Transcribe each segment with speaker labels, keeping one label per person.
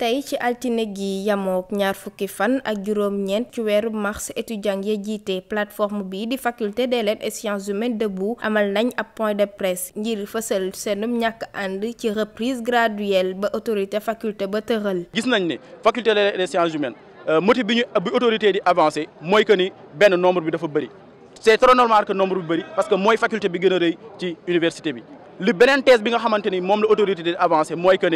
Speaker 1: tey ci altine gi yamook ñaar fukki fan ak juróom-ñeent ci weeru mars étudiant ya jiite plateforme bi di faculté des lettres et sciences humaines debout amal nañ ab point de presse ngir fësal seenum ñàkk ànd ci reprise graduelle ba autorité faculté ba tëral.
Speaker 2: gis nañ ne faculté des lettres et sciences humaines euh, motif bi ñu bi autorité di avancé mooy que ni benn nombre bi dafa bëri c'est trop normal que nombre bi bëri parce que mooy faculté bi gën a rëy ci université bi. li beneen thèse bi nga xamante ni moom la autorité avancé mooy que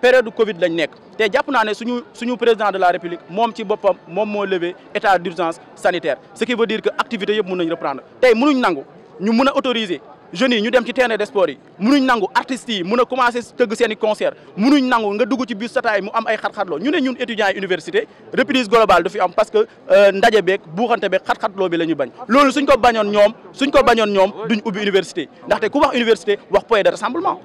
Speaker 2: période Covid lañ nekk te jàpp naa ne suñu suñu président de la république moom ci boppam moom moo levé état d'urgence sanitaire ce qui veut dire que activité yëpp mën nañ reprendre tey mënuñ nangu ñu mën a autoriser jeunes yi ñu dem ci terrain de sport yi munuñ nangu artistes yi mun a commencé tëgg seen i concert munuñ nangu nga dugg ci bus sataay mu am ay xat-xatloo ñu ne ñun étudiants yi université reprise globale du fi am parce que euh, ndaje beeg buuxante beeg xat-xatloo bi la ñu bañ loolu suñ ko bañoon ñoom suñ ko bañoon ñoom duñ ubbi université ndaxte ku wax université wax point de rassemblement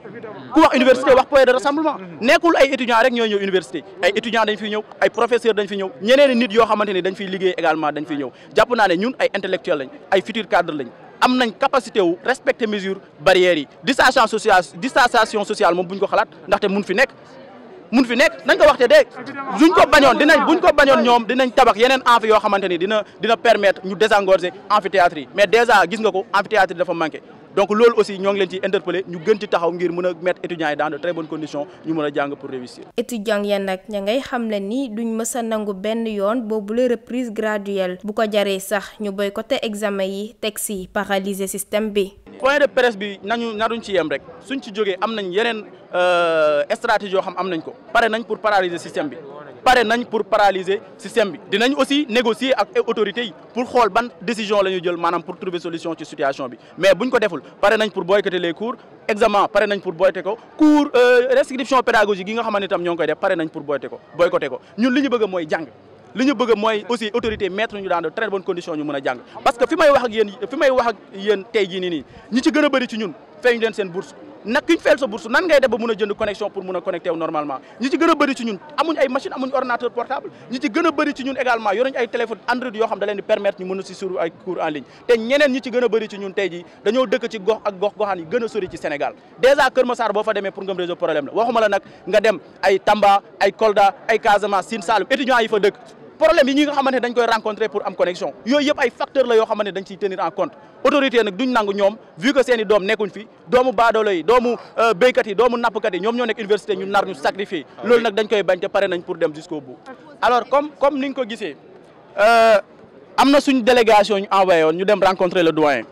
Speaker 2: ku wax université wax point de rassemblement nekkul ay étudiants rek ñooy ñëw université ay étudiants dañ fiy ñëw ay professeurs nit yoo xamante ni dañ fiy liggéey également dañ fiy ñëw jàpp naa ne ñun ay intellectuels lañ ay futurs am nañ capacité wu respecter mesures barrières yi distanciation sociale distanciation sociale moom bu ñu ko xalaat ndaxte mun fi nekk mun fi nekk nañ ko waxte de suñ ko bañoon dina buñ ko bañoon ñoom dinañ tabax yeneen amphi yoo xamante ni dina dina permettre ñu désengorger amphithéâtre yi mais déjà gis nga ko amphithéâtre dafa manqué donc loolu aussi ñoo ngi leen ci interpellé ñu gën ci taxaw ngir mën a mettre étudiants yi dans de très bonnes conditions ñu mën a jàng pour réussir.
Speaker 1: étudiants ya nag ña ngay xamle ni duñ mës a nangu benn yoon boobu la reprise graduelle bu ko jaree sax ñu boycotté examen yi teg si paralyser système
Speaker 2: bi. point de presse bi nañu naruñ ci yem rek suñ ci jógee am nañ yeneen euh, stratégie yoo xam am nañ ko pare nañ pour paralyser système bi. pare nañ pour paralyser système bi dinañ aussi négocier ak autorités yi pour xool ban décision la ñuy jël maanaam pour trouver solution ci situation bi mais buñ ko deful pare nañ pour boycotter les cours examen pare nañ pour boycotter ko cours euh, restriction pédagogique yi nga xamante tam ñoo ngi koy def pare nañ pour boycotter ko boycotter ñun li ñu bëgg mooy jàng li ñu bëgg mooy aussi autorité mettre ñu dans de très ñu mën a jàng parce que fi may wax ak yéen fi may wax ak yéen tey jii nii nii ñi ci bëri ci ñun feeñu leen seen bourse nag ku ñu fayal sa bourse nan ngay def ba mun a jënd connexion pour mun a connecté wu normalement ñi ci gën a bëri ci ñun amuñ ay machine amuñ ordinateur portable ñi ci gën a bëri ci ñun également yoruñ ay téléphone Android yoo xam da leen di permettre ñu mën a si suivre ay cours en ligne te ñeneen ñi ci gën a bëri ci ñun tey ji dañoo dëkk ci gox goxaan yi gën a sori ci Sénégal dèjà Kër Massar boo fa demee pour nga réseau problème la waxuma la nga Tamba ay Kolda ay Casamance Sine Saloum étudiants yi fa dëkk problème yi ñi nga xamante ne dañ koy rencontrer pour am connexion yooyu yëpp ay facteur la yoo xamante ne dañ ciy tenir en compte autorité nag duñ nangu ñoom vu que seen i doom nekkuñ fi doomu baadoolo yi doomu euh, béykat yi doomu nappkat yi ñoom ñoo nekk université ñu nar ñu sacrifier ah loolu nag dañ koy bañ te pare nañ pour dem jusqu'au bout alors comme ni nga ko gisee euh, am na suñ délégation ñu envoyé woon ñu dem rencontrer la doyen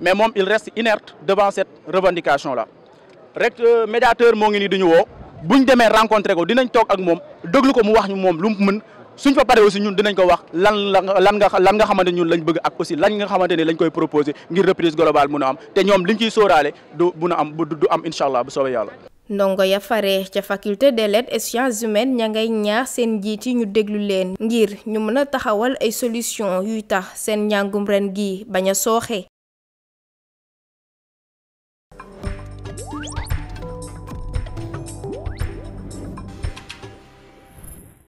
Speaker 2: mais moom il reste inerte devant cette revendication là rek euh, médiateur moo ngi nii duñu woo buñ demee rencontrer ko dinañ toog ak moom déglu ko mu wax ñu moom lu mu mën suñ fa pare aussi ñun dinañ ko wax lan la lan nga lan nga xamante ñun lañ bëgg ak aussi lan nga xamante ne lañ koy proposer ngir reprise globale mun a am te ñoom liñ ciy sóoraale du mun a am du am incha allah bu soobee yàlla.
Speaker 1: ndongo ya fare ca faculté des lettres et sciences humaines ña ngay ñaax seen njiit yi ñu déglu leen ngir ñu mën a taxawal ay solution yuy tax seen njàngum ren gi bañ a sooxe.